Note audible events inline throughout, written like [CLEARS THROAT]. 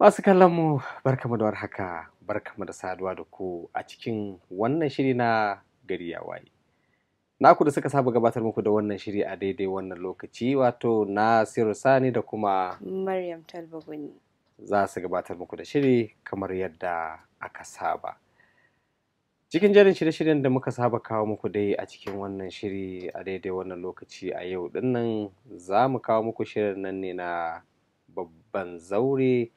Masu kallon mu barkamu da warhaka, barkamu da saduwa da ku a cikin wannan shiri na gari ya waye. Naku da suka saba gabatar muku da wannan shiri a daidai wannan lokaci wato Nasiru Sani da kuma Maryam Talbaguni. Za su gabatar muku da shiri kamar yadda aka saba. Cikin jerin shirye-shiryen da muka saba kawo muku dai a cikin wannan shiri a daidai wannan lokaci a yau dinnan za mu kawo muku shirin nan ne na babban zaure.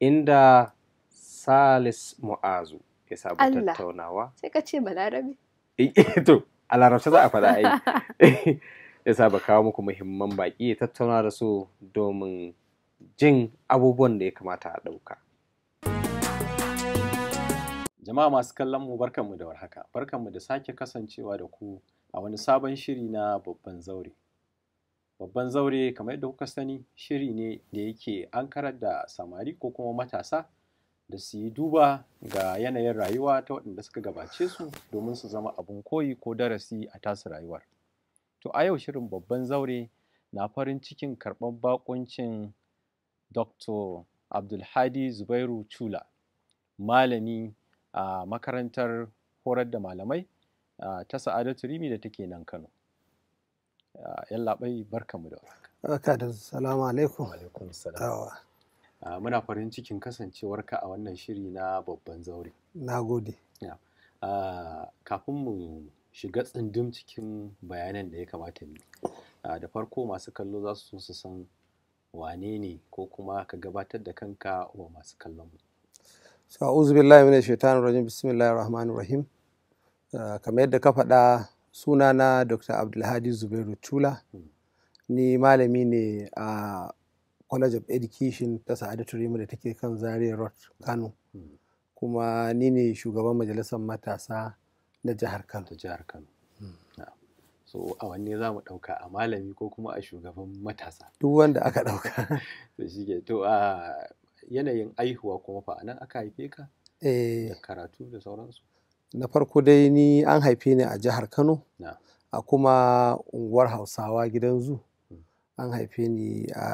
inda Salis Mu'azu ya sabu tattaunawa. Sai ka ce balarabe. Eh, to, a za a faɗa ai. [LAUGHS] Ya saba kawo muku muhimman baƙi ya tattauna da su domin jin abubuwan da ya kamata a ɗauka. Jama'a masu kallon mu barkanmu da warhaka. Barkanmu da sake kasancewa da ku a wani sabon shiri na babban zaure. babban zaure kamar yadda kuka sani shiri ne da yake ankarar da samari ko kuma matasa da su yi duba ga yanayin rayuwa ta waɗanda suka gabace su domin su zama abin koyi ko darasi a tasu rayuwar to a yau shirin babban zaure na farin cikin karɓar bakuncin dr abdulhadi zubairu chula malami a makarantar horar da malamai ta sa'adatu rimi da take nan kano Ah, yallaɓai barkanmu da warhaka da salamu alaikum alaikum salam ah, muna farin cikin kasancewarka a wannan shiri na babban zaure na gode ah, kafin mu shiga tsindim cikin bayanan da ya kamata mu da farko masu kallo za su so su san wane ne ko kuma ka gabatar da kanka wa masu kallon mu so billahi minash shaitanir rajim bismillahir rahmanir rahim kamar yadda ka faɗa sunana dr abdulhadi zubairu chula hmm. ni malami ne a college of education ta sa'adatu rima da take kan zaria road kano hmm. kuma ni ne shugaban majalisar matasa na jihar kano jihar kano hmm. so a wanne za mu ɗauka a malami ko kuma a shugaban matasa duk wanda aka ɗauka [LAUGHS] to shi ke to a yanayin aihuwa kuma fa anan aka haife ka eh. da karatu da sauransu na farko dai ni an haife ni a jihar kano a kuma unguwar hausawa gidan zu hmm. an haife ni a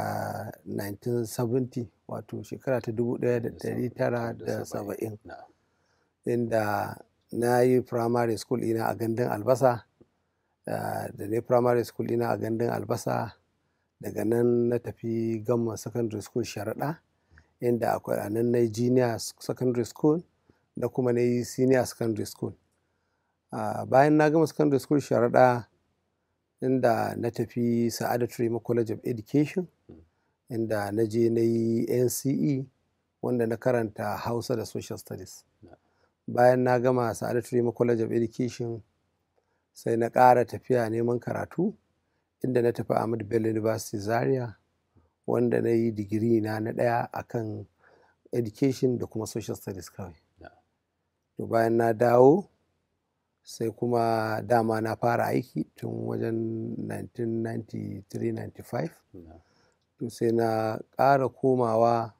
1970 wato shekara ta 1970 inda na yi primary school ina a gandun albasa da na yi primary school ina a gandun albasa daga nan na tafi gamma secondary school sharaɗa inda akwai a nan na junior secondary school da kuma na yi senior secondary school bayan na gama secondary school sharaɗa inda na tafi sa'adatu rima college of education inda na je na yi nce wanda na karanta hausa da social studies bayan na gama sa'adatu rima college of education sai na ƙara tafiya neman karatu inda na tafi ahmad bello university zaria wanda na yi digiri na na ɗaya akan education da kuma social studies kawai to bayan na dawo sai kuma dama na fara aiki tun wajen 1993-95 to sai na ƙara komawa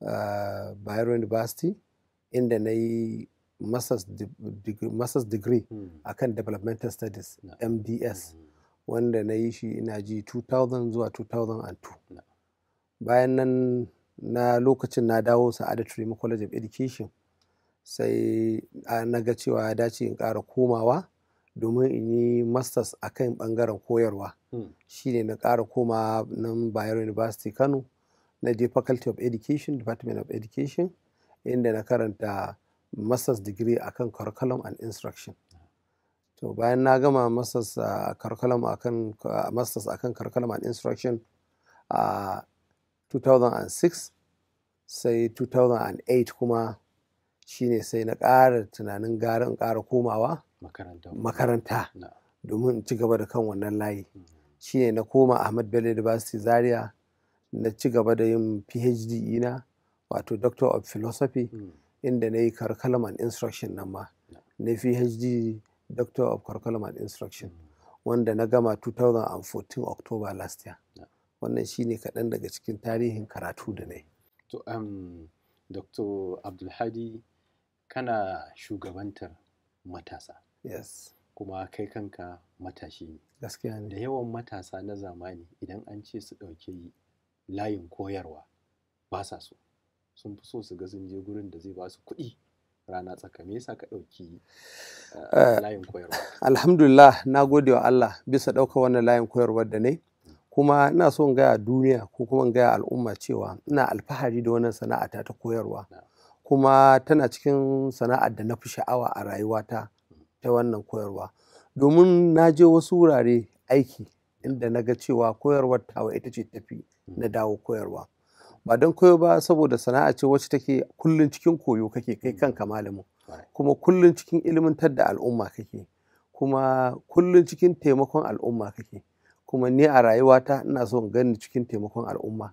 eh, Bayero University inda na yi master's, degree, hmm. akan developmental studies MDS hmm. wanda na yi shi ina ji 2000 zuwa 2002 bayan nan na lokacin na dawo Sa'adatu College of Education sai na ga cewa ya dace in ƙara komawa domin in yi masters a kan ɓangaren koyarwa hmm. shi ne na ƙara koma nan bayero university kano na je faculty of education department of education inda na karanta masters degree a kan curriculum and instruction to bayan na gama masters a curriculum akan curriculum and instruction a 2006 sai 2008 kuma shine sai na ƙara tunanin gara in ƙara komawa makaranta domin in ci gaba da kan wannan layi hmm. shine na koma ahmad bello university zaria na ci gaba da yin phd ina wato doctor of philosophy hmm. inda na yi curriculum and instruction nan ma na phd doctor of curriculum and instruction hmm. wanda na gama 2014 october last year wannan shine kaɗan daga cikin tarihin karatu da na yi. To, um, Dr. Abdulhadi kana shugabantar matasa yes kuma kai kanka matashi ne gaskiya ne da yawan matasa na zamani idan an ce su ɗauki layin koyarwa ba sa so sun fi so su ga sun je gurin da zai ba su kuɗi rana tsaka me yasa ka ɗauki eh, eh, layin koyarwa alhamdulillah na gode wa Allah bisa ɗaukar wannan layin koyarwar da ne hmm. kuma ina so in gaya duniya ko kuma in gaya al'umma cewa ina alfahari da wannan sana'ata ta koyarwa kuma tana cikin sana'ar da na fi sha'awa a rayuwata ta wannan koyarwa domin na je wasu wurare aiki inda na ga cewa koyarwar tawa ita ce tafi na dawo koyarwa ba don koyo ba saboda sana'a ce wacce take kullum cikin koyo kake kai kanka malamin kuma kullum cikin ilmantar da al'umma kake kuma kullum cikin taimakon al'umma kake kuma ni a rayuwata ina so in gani cikin taimakon al'umma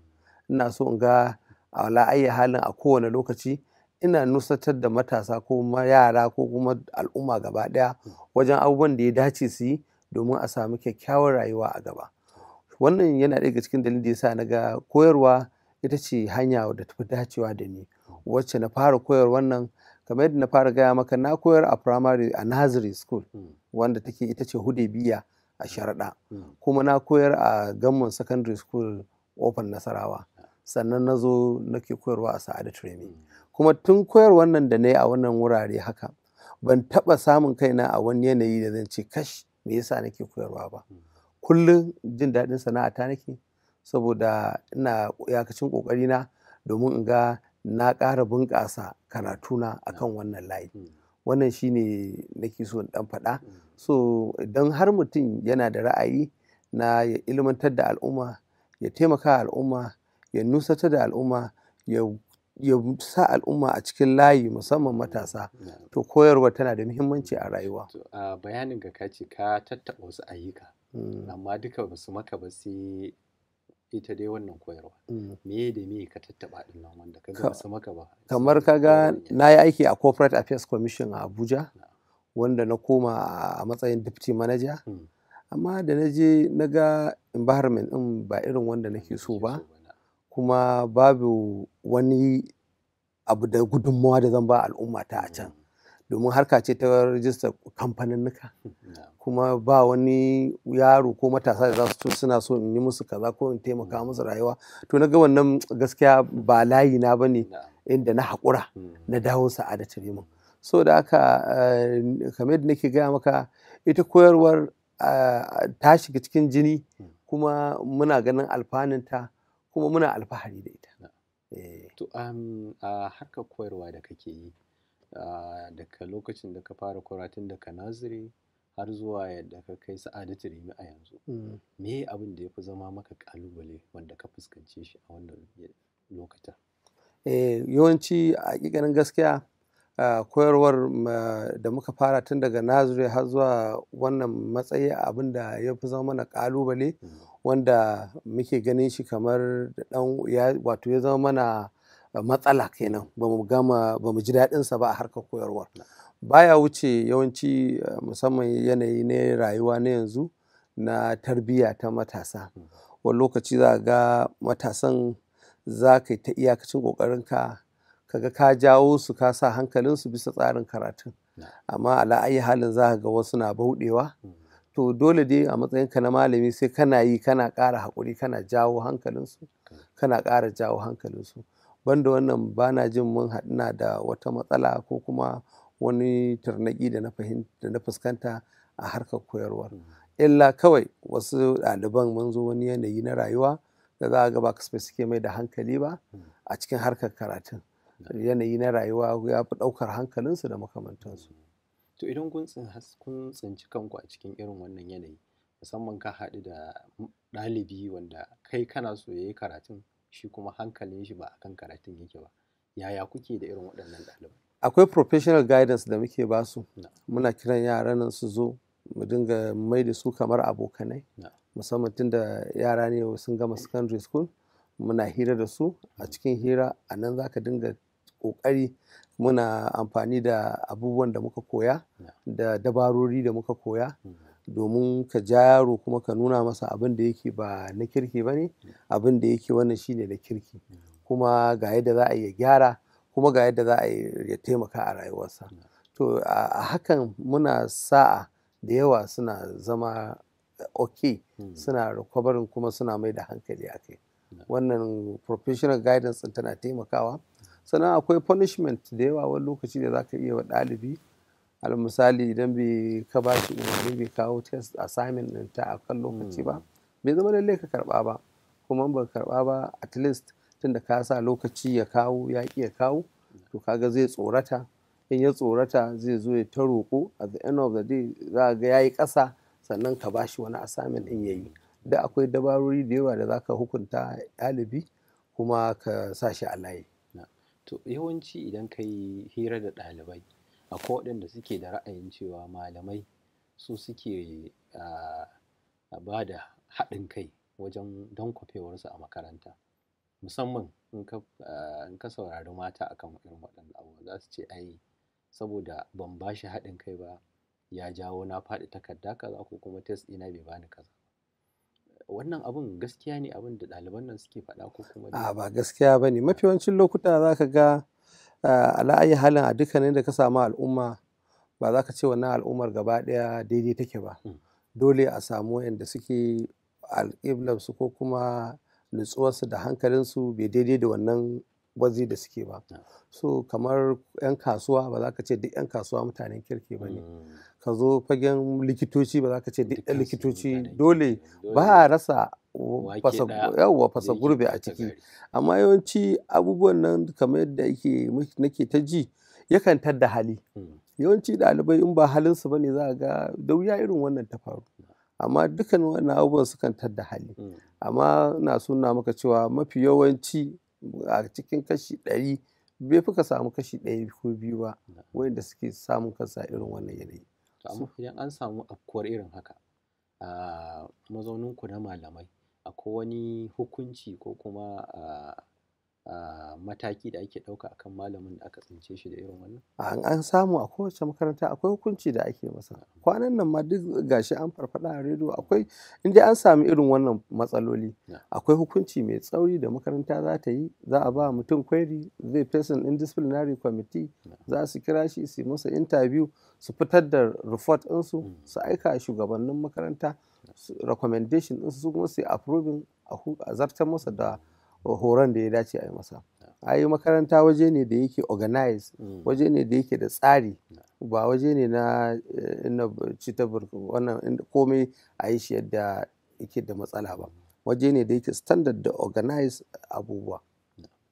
ina so in ga a la'ayi halin a kowane lokaci ina nusatar da matasa ko yara ko kuma al'umma gaba daya wajen abubuwan da ya dace su yi domin a samu kyakkyawar rayuwa a gaba wannan yana daga cikin dalilin da yasa na ga koyarwa ita ce hanya da tafi dacewa da ni wacce na fara koyar wannan kamar yadda na fara gaya maka na koyar a primary a nursery school wanda take ita ce hudebiya a sharaɗa kuma na koyar a gamman secondary school open nasarawa sannan na zo nake koyarwa a sa'ada training kuma tun koyarwar nan da na yi a wannan wurare haka ban taɓa samun kaina a wani yanayi da zan ce kash me yasa nake koyarwa ba hmm. kullum jin daɗin sana'ata nake saboda ina yakacin ƙoƙari na domin in ga na ƙara bunƙasa karatuna akan wannan layi hmm. wannan shine nake so in ɗan faɗa hmm. so idan har mutum yana da ra'ayi na ya ilmantar da al'umma ya taimaka al'umma ya nusata da al'umma ya ya sa al'umma a cikin layi musamman matasa to koyarwa tana da muhimmanci a rayuwa bayanin ga kaci ka tattaɓa wasu ayyuka hmm. amma duka ba su maka ba sai ita dai wannan koyarwa hmm. me da me ka tattaɓa din nan wanda ka ba su maka ba kamar ka ga na yi aiki a corporate affairs commission a abuja wanda na koma a matsayin deputy manager hmm. amma da na je na ga environment din ba irin wanda nake so ba kuma babu wani abu da gudunmawa da zan ba al'ummata a can domin harka ce ta rajistar nuka. kuma ba wani yaro ko matasa da za su suna so in yi musu kaza ko in taimaka mm. musu rayuwa to na ga wannan gaskiya ba layi na ba ne inda na haƙura mm. na dawo sa'ada ta min so da aka eh, kamar yadda nake gaya maka ita koyarwar eh, ta shiga cikin jini mm. kuma muna ganin alfanunta. kuma muna alfahari da ita eh. to a harkar koyarwa da kake yi daga lokacin da ka fara tun daga naziri har zuwa yadda ka kai sa'adatu rimi a yanzu mm. me abin da ya fi zama maka kalubale wanda ka fuskance shi a wannan lokacin eh, yawanci a ƙiƙanin gaskiya koyarwar da muka fara tun daga naziri har zuwa wannan matsayi abin da ya fi zama mana kalubale mm. wanda muke ganin shi kamar dan ya wato ya zama mana matsala kenan ba mu gama ba mu ji daɗin sa ba a harkar koyarwa baya wuce yawanci eh, musamman yanayi ne rayuwa na yanzu na tarbiyya ta matasa hmm. wani lokaci za ga matasan za ka ta iyakacin ƙoƙarinka kaga ka jawo su ka sa hankalinsu bisa tsarin karatun amma ala halin za ga wasu na bauɗewa hmm. to dole dai a matsayinka na malami sai kana yi kana ƙara haƙuri kana jawo hankalinsu kana ƙara jawo hankalinsu banda wannan ba na jin mun haɗina da wata matsala ko kuma wani tarnaki da na fuskanta a harkar koyarwar illa kawai wasu ɗaliban mun zo wani yanayi na rayuwa da za a ga ba kasafai suke mai da hankali ba a cikin harkar karatun yanayi na rayuwa ya fi ɗaukar hankalinsu da makamantansu. To idan kun tsinci kanku a cikin irin wannan yanayi musamman ka haɗu da ɗalibi wanda kai kana so ya yi karatun shi kuma hankalin shi ba a kan karatun yake ba yaya kuke da irin waɗannan ɗalibai? Akwai professional guidance da muke ba su muna kiran yara nan su zo mu dinga mai da su kamar abokanai musamman tun da yara ne sun gama secondary school muna hira da su a cikin hira a nan za ka dinga ƙoƙari muna amfani da abubuwan da muka koya da dabarori da muka koya mm-hmm. domin ka ja yaro kuma ka nuna masa abin da yake ba na kirki ba ne abin da yake wannan shine na kirki mm-hmm. kuma ga yadda za a yi gyara kuma ga yadda za a ya taimaka a rayuwarsa to a hakan muna sa'a da yawa suna zama ok mm-hmm. suna recovering kuma suna mai da hankali a kai wannan professional guidance tana taimakawa sannan akwai punishment da yawa wani lokaci da za ka iya wa ɗalibi al misali idan bai ka ba shi umarni bai kawo test assignment ɗin ta akan lokaci ba hmm. bai zama lallai ka karɓa ba kuma ba karɓa ba at least tunda ka sa lokaci ya kawo ya ya kawo to kaga zai tsorata in ya tsorata zai zo ya ta roƙo at the end of the day za ga yayi ƙasa sannan ka bashi wani assignment ɗin yi da akwai dabarori da yawa da zaka hukunta ɗalibi kuma ka sa shi a layi To yawanci idan ka yi hira da ɗalibai akwai waɗanda suke da ra'ayin cewa malamai su suke ba da haɗin kai wajen don kwafewarsu a makaranta. Musamman in ka saurari mata kan irin waɗannan abu. za su ce ai saboda ban ba shi haɗin kai ba ya jawo na faɗi takarda kaza ko kuma test ɗina bai bani kaza. wannan abun gaskiya ne abin da ɗaliban nan suke faɗa ko kuma a ba gaskiya ba ne mafi yawancin lokuta za ka ga eh, ala'ayi halin a dukkanin da ka samu al'umma ba za ka ce wannan al'ummar gaba ɗaya daidai take ba hmm. dole a samu yadda suke alƙiblarsu ko kuma nutsuwarsu da hankalinsu bai daidai da wannan wazi da suke ba ah. so kamar 'yan kasuwa ba za ka ce duk 'yan kasuwa mutanen kirki ba ne hmm. ka zo fagen likitoci ba za ka ce duk likitoci dole ba a rasa yawwa fasa gurbe a ciki amma yawanci abubuwan nan kamar yadda nake ta ji yakan tadda hali hmm. yawanci ɗalibai in ba halinsu ba ne za a ga da wuya irin wannan ta faru amma dukkan wannan abubuwan sukan tadda hali hmm. amma na suna maka cewa mafi yawanci a cikin kashi ɗari bai fi ka samu kashi ɗaya ko biyu ba wanda suke samun kansa irin wannan yanayi to amma idan an samu afkuwar irin haka a mazauninku na malamai akwai wani hukunci ko kuma mataki da ake ɗauka akan malamin da aka tsince shi da irin wannan? An samu a kowace makaranta akwai hukunci da ake masa. Kwanan nan ma duk gashi an farfada a rediyo akwai inda an sami irin wannan matsaloli. Akwai hukunci mai tsauri da makaranta za ta yi za a ba mutum kwairi zai fesin in disciplinary committee za su kira shi su masa interview su fitar da report ɗinsu hmm. su aika shugabannin makaranta recommendation ɗinsu su kuma su approving a zartar masa da hmm. horon da ya dace a yi masa a yi makaranta waje ne da yake organize mm. waje ne da yake da tsari ba waje ne na eh, cita wannan komai a yi shi yadda yake da matsala ba mm. waje ne da yake standard da organize abubuwa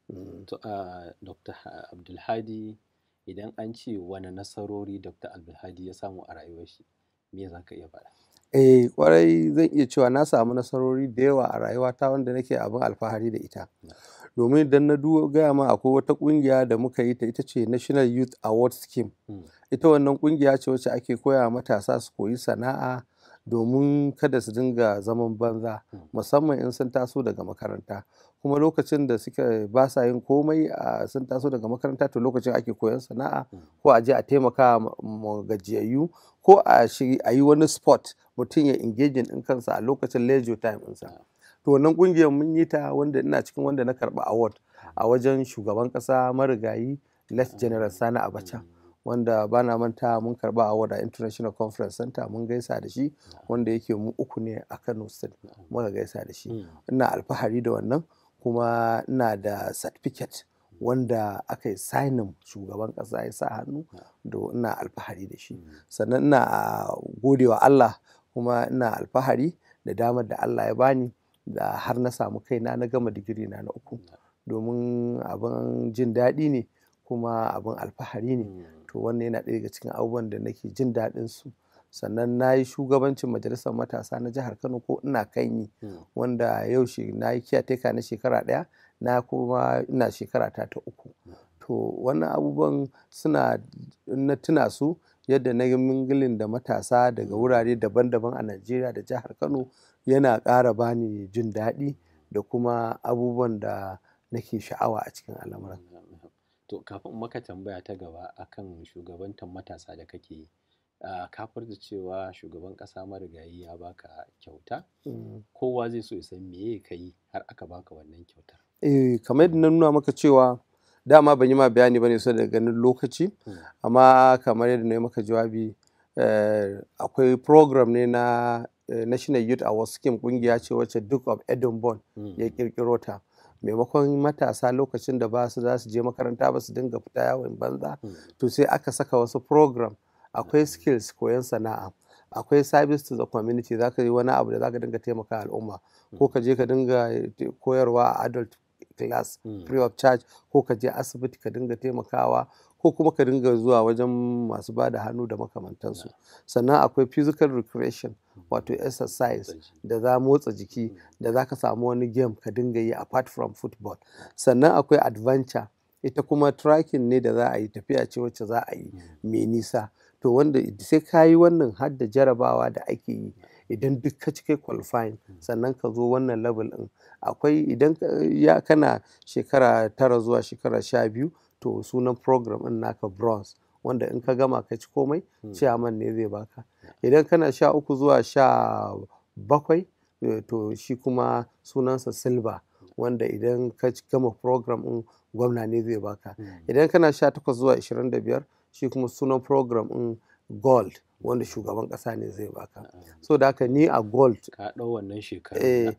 mm. uh, dr abdulhadi idan an ce wani nasarori dr abdulhadi ya samu a rayuwar shi me za ka iya faɗa Eh kwarai zan iya cewa na samu nasarori da yawa a rayuwata wanda nake abin alfahari da ita. Domin idan na du gaya ma akwai wata ƙungiya da muka yi ta ita ce National Youth Award Scheme. Hmm. Ita wannan ƙungiya ce wacce ake koya matasa su koyi sana'a domin kada su dinga zaman banza hmm. musamman in sun taso daga makaranta. kuma lokacin da suka ba sa yin komai a sun taso daga makaranta to lokacin ake koyon sana'a hmm. ko a je a taimaka gajiyayyu ko a yi wani sport mutum ya engage din kansa a lokacin leisure time sa hmm. to wannan kungiyar mun yi ta wanda ina cikin wanda na karba award a hmm. wajen shugaban kasa marigayi left general sani abacha wanda bana manta mun karba award a international conference center mun gaisa da shi wanda yake mu uku ne a kano state muka gaisa da shi ina alfahari da wannan kuma ina da certificate wanda aka yi sainin shugaban ƙasa ya sa hannu da ina alfahari da shi sannan ina godewa Allah kuma ina alfahari da damar da Allah ya bani da har na samu kaina na gama digiri na na uku domin abin jin daɗi ne kuma abin alfahari ne to wannan yana ɗaya daga cikin abubuwan da nake jin daɗin su sannan na yi shugabancin majalisar matasa na jihar kano ko ina kan yi hmm. wanda yau shi na yi kiyateka na shekara ɗaya na kuma ina shekara ta ta uku to wannan abubuwan suna na tuna su yadda na yi mingilin da matasa daga hmm. wurare daban-daban a najeriya da jihar kano yana ƙara bani jin daɗi da kuma abubuwan da nake sha'awa a cikin al'amuran hmm. to kafin maka tambaya ta gaba akan shugabantar matasa da kake yi Ah, ka da cewa shugaban ƙasa marigayi ya baka kyauta mm. kowa zai so ya san meye ka yi har aka baka wannan kyauta. eh kamar yadda na nuna maka cewa dama ban yi ma bayani bane so da ganin lokaci hmm. amma kamar yadda na yi maka jawabi eh, akwai program ne na eh, national youth awards scheme kungiya ce wacce duke of edinburgh hmm. ya kirkiro ta maimakon matasa lokacin da ba su za su je makaranta ba su dinga fita yawon banza hmm. to sai aka saka wasu program akwai skills koyon sana'a akwai service to the community za ka yi wani abu da za ka dinga taimaka al'umma ko ka je ka dinga eh, koyarwa a adult class hmm. free of charge ko ka je asibiti ka dinga taimakawa ko kuma ka dinga zuwa wajen masu ba da hannu da makamantansu sannan akwai physical recreation hmm. wato exercise da za motsa jiki hmm. da za ka samu wani game ka dinga yi apart from football sannan akwai adventure ita kuma tracking ne da za a yi tafiya ce wacce za a yi mai nisa to wanda sai ka yi wannan har da jarabawa da ake yi idan duk ka cike qualifying hmm. sannan ka zo wannan level din akwai idan ya kana shekara tara zuwa shekara sha biyu to sunan program din naka bronze wanda in ka gama ka ci komai hmm. chairman ne zai baka idan kana sha uku zuwa sha bakwai eh, to shi kuma sunansa silver wanda idan ka gama program din gwamna ne zai baka hmm. idan kana sha takwas zuwa da biyar. shi kuma sunan program in gold wanda shugaban kasa ne zai baka so da haka ni a gold ka ɗau wannan shekaru eh,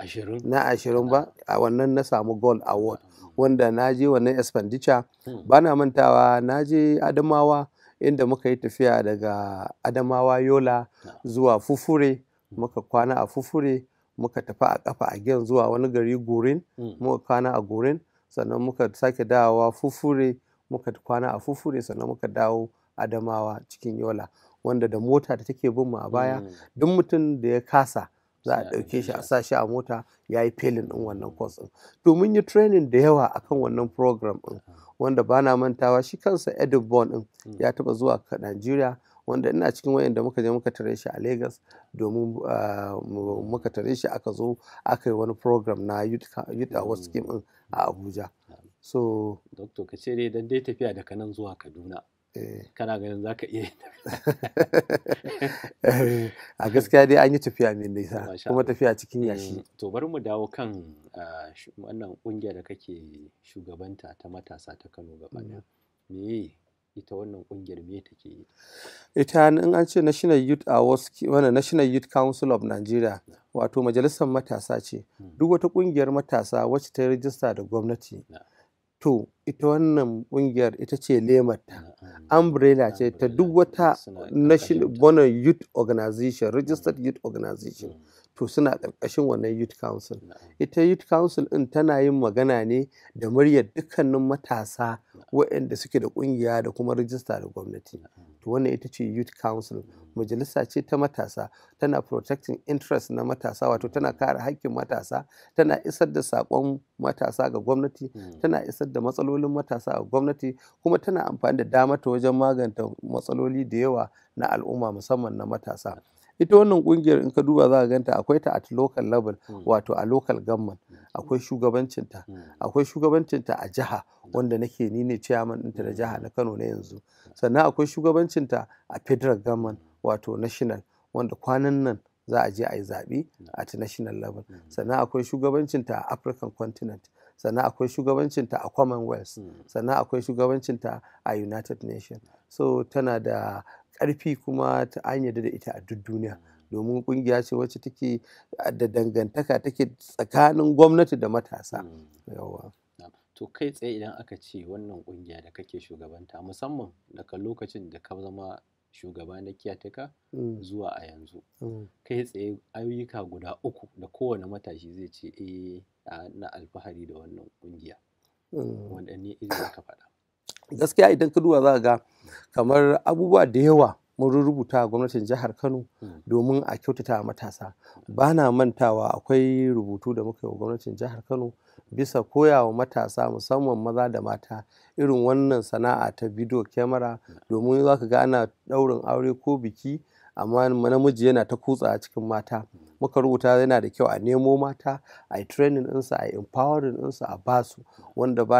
na ashirin ba a wannan na samu gold award wanda na je wannan expenditure hmm. ba na mantawa na je adamawa inda muka yi tafiya daga adamawa yola zuwa fufure hmm. muka kwana a fufure muka tafi a kafa a gen zuwa wani gari gurin hmm. muka kwana a gurin sannan muka sake dawowa fufure muka kwana a fufure sannan muka dawo adamawa cikin yola wanda da mota da take bin mu a baya mm. duk mutum da ya kasa za a ɗauke shi a sa shi a mota ya yi felin ɗin wannan kwas. ɗin to mun yi training da yawa akan wannan program ɗin wanda ba na mantawa shi kansa edith bond ɗin mm. ya taɓa zuwa Nigeria. wanda ina cikin da muka je muka tare shi a Lagos domin ah, muka tare shi aka zo aka yi wani program na youth awards mm. scheme ɗin a Abuja so doctor ka ce dai dai tafiya daga nan zuwa kaduna eh. kana ganin za ka iya [LAUGHS] eh, a gaskiya dai an yi tafiya mai nisa kuma tafiya cikin mm, yashi to bari mu dawo kan ah, wannan kungiyar da kake shugabanta ta matasa ta kano gaba mm. me ita wannan kungiyar me take yi ita in an ce national youth awards wannan national youth council of nigeria wato majalisar matasa ce mm. duk wata kungiyar matasa wacce ta yi rajista da gwamnati to ita wannan ƙungiyar ita ce lemarta mm, mm, mm. umbrella ce ta duk wata national bonan youth organization registered youth organization to suna ƙarƙashin wannan youth council ita youth council ɗin tana yin magana ne da muryar dukkanin matasa waɗanda suke da ƙungiya da kuma rijista da gwamnati to wannan ita ce youth council majalisa ce ta matasa tana protecting interest na matasa wato tana kare haƙƙin matasa tana isar da sakon matasa ga gwamnati tana isar da matsalolin matasa ga gwamnati kuma tana amfani da dama ta wajen maganta matsaloli da yawa na al'umma musamman na matasa ita wannan kungiyar in ka duba za ka ganta akwai ta at local level hmm. wato a local government hmm. akwai shugabancinta hmm. akwai shugabancinta a jiha wanda nake ni ne chairman ɗinta da jiha na Kano na yanzu sannan akwai shugabancinta a federal government wato national wanda kwanan nan za a je a yi zaɓe at national level sannan akwai shugabancinta a african continent sannan akwai shugabancinta a commonwealth sannan akwai shugabancinta a united nations so tana da ƙarfi kuma ta an yarda da ita a duk duniya mm. domin kungiya ce wacce take ah, da dangantaka take tsakanin gwamnati da matasa mm. yawa to kai tsaye idan aka ce wannan kungiya da kake shugabanta musamman daga lokacin da ka zama shugaba na kiyataka mm. zuwa a yanzu kai tsaye ayyuka guda uku da kowane matashi zai ce eh na alfahari da wannan kungiya waɗanne irin ka faɗa gaskiya idan ka duba za ga kamar abubuwa da yawa mun rubuta a gwamnatin jihar kano hmm. domin a kyautata matasa ba na mantawa akwai rubutu da muka yi wa gwamnatin jihar kano bisa koyawa matasa musamman maza da mata irin wannan sana'a ta bidiyo kyamara hmm. domin za ka ga ana ɗaurin aure ko biki amma namiji yana ta kutsa a cikin mata muka rubuta yana da kyau a nemo mata a yi training ɗinsu a yi empowering ɗinsu a basu wanda ba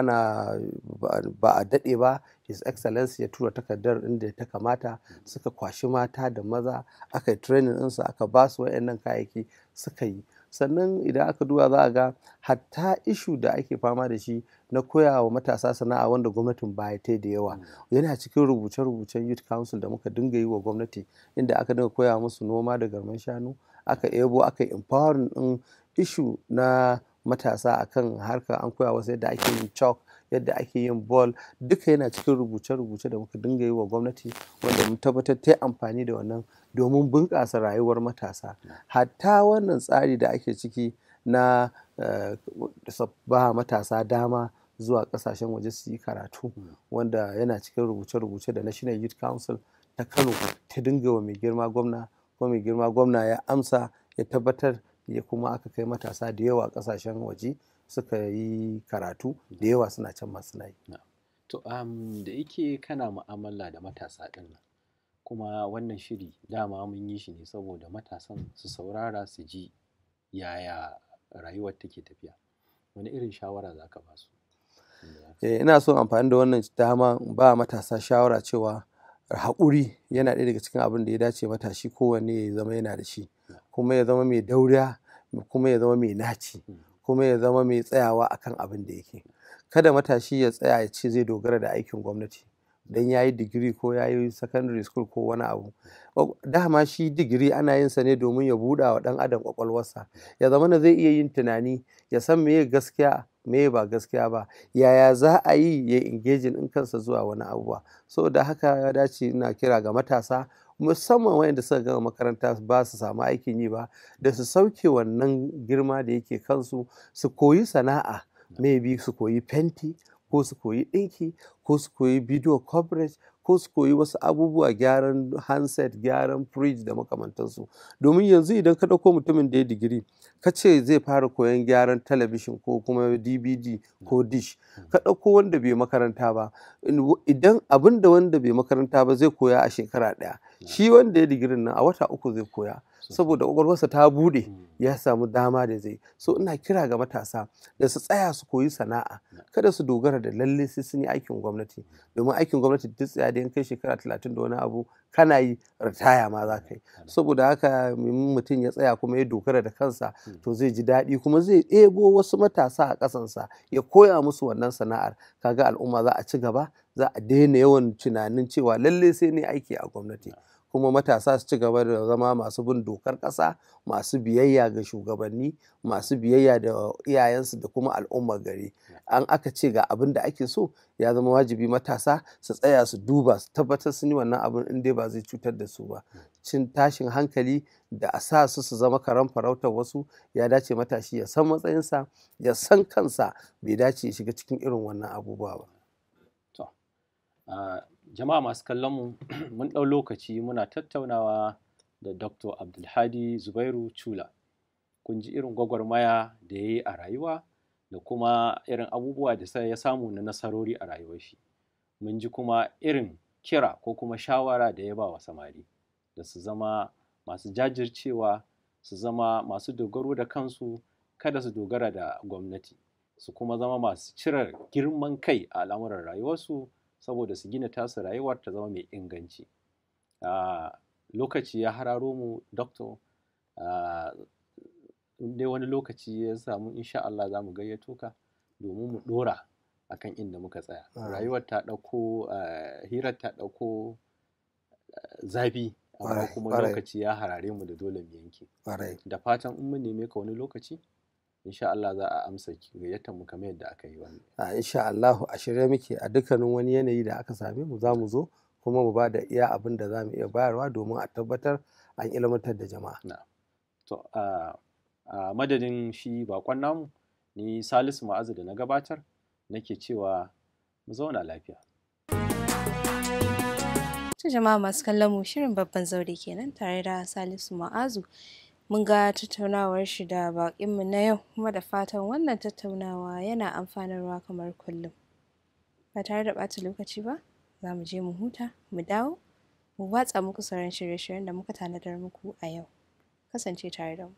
a daɗe ba his excellence ya tura takardar inda ta kamata suka kwashi mata da maza aka yi training ɗinsu aka basu waɗannan kayayyaki suka yi sannan idan aka duba za a ga hatta ishu da ake fama da shi na koya wa matasa sana'a wanda gwamnatin baya ta da yawa hmm. yana cikin rubuce-rubucen youth council da muka dinga yi wa gwamnati inda aka dinga koya musu noma da garman shanu aka ebo aka empowering din ishu na matasa akan harka an koya wasu yadda ake yin chalk yadda ake yin ball duka yana cikin rubuce-rubuce da muka dinga yi wa gwamnati wanda mun tabbatar ta yi amfani da wannan domin bunƙasa rayuwar matasa hatta wannan tsari da ake ciki na eh, ba matasa dama zuwa ƙasashen waje su yi karatu wanda yana cikin rubuce-rubuce da national youth council ta kano ta dinga wa mai girma gwamna ko mai girma gwamna ya amsa ya tabbatar ya kuma aka kai matasa da yawa ƙasashen waje suka yi karatu da yawa suna can masu suna yi to da yake kana mu'amala da matasa ɗin kuma wannan shiri dama mun yi shi ne saboda matasan su saurara su ji yaya rayuwar take tafiya wani irin shawara za ka ba su eh, ina son amfani da wannan dama ba matasa shawara cewa haƙuri yana ɗaya daga cikin abin da ya dace matashi kowanne ya zama yana da shi kuma ya zama mai dauriya kuma ya zama mai naci hmm. kuma ya zama mai tsayawa akan abin da yake kada matashi ya tsaya ya ce zai dogara da aikin gwamnati don ya yi digiri ko ya yi secondary school ko wani abu dama shi digiri ana yin sa ne domin ya buɗa wa ɗan adam kwakwalwarsa ya zama na zai iya yin tunani ya san meye gaskiya me ba gaskiya ba yaya za a yi ya ingejin in kansa zuwa wani abubuwa saboda haka ya dace ina kira ga matasa musamman wayanda suka gama makaranta ba su samu aikin yi ba da su sauke wannan girma da yake kansu su koyi sana'a maybe su koyi fenti ko su koyi ɗinki ko su koyi video coverage ko su koyi wasu abubuwa gyaran handset gyaran fridge da makamantansu domin yanzu idan ka ɗauko mutumin da ya digiri ka ce zai fara koyon gyaran talabishin ko kuma dvd ko dish ka ɗauko wanda bai makaranta ba idan abinda wanda bai makaranta ba zai koya a shekara ɗaya shi wanda ya digirin nan a wata uku zai koya saboda kwakwalwarsa ta bude mm. ya samu dama da zai so ina kira ga matasa da su tsaya su koyi sana'a kada su dogara da lalle sai sun yi aikin gwamnati mm. domin aikin gwamnati duk tsaya da kai shekara talatin da wani abu kana yi ritaya ma za ka yi saboda haka mutum ya tsaya kuma ya dogara da kansa mm. to zai ji daɗi kuma zai ɗebo wasu matasa a ƙasansa ya koya musu wannan sana'ar kaga al'umma za a ci gaba za a daina yawan tunanin cewa lalle sai ne aiki a gwamnati kuma matasa su ci gaba da zama masu bin dokar ƙasa masu biyayya ga shugabanni masu biyayya da iyayensu da kuma al'ummar gari an aka ce ga abin da ake so ya zama wajibi matasa su tsaya su duba su tabbatar su yi wannan abin in dai ba zai cutar da su ba cin tashin hankali da a sa su su zama karan farautar wasu ya dace matashi ya san matsayinsa ya san kansa bai dace ya shiga cikin irin wannan abubuwa ba. Ah, jama'a masu kallon mu [CLEARS THROAT] mun ɗau lokaci muna tattaunawa da dr abdulhadi zubairu chula kun ji irin gwagwarmaya da ya yi a rayuwa da kuma irin abubuwa da ya samu na nasarori a rayuwar shi mun ji kuma irin kira ko kuma shawara da ya ba wa samari da su zama masu jajircewa su zama masu dogaro da kansu kada su dogara da gwamnati su kuma zama masu cire girman kai a al'amuran rayuwarsu saboda su gina tasu rayuwar ta zama mai inganci lokaci ya hararo mu doctor inda wani lokaci ya samu insha Allah za mu gayyato ka domin mu dora akan inda muka tsaya ah. rayuwar ta ɗauko hirar ta ɗauko zafi amma kuma lokaci ya harare mu da dole mu yanke da fatan in mun neme ka wani lokaci insha Allah za a amsa gayyatar mu kamar yadda aka yi wani. a insha Allah a shirye muke a dukkanin wani yanayi da aka same mu za mu zo kuma mu ba da iya abin da za mu iya bayarwa domin a tabbatar an ilmantar da jama'a na to a madadin shi bakon namu ni Salisu Ma'azu da na gabatar nake cewa mu zauna lafiya jama'a masu kallon mu shirin babban zaure kenan tare da Salisu Ma'azu mun ga tattaunawar shi da baƙin mu na yau kuma da fatan wannan tattaunawa yana amfanarwa kamar kullum. Ba tare da ɓata lokaci ba, za mu je mu huta, mu dawo, mu watsa muku sauran shirye-shiryen da muka tanadar muku a yau. Kasance tare da mu.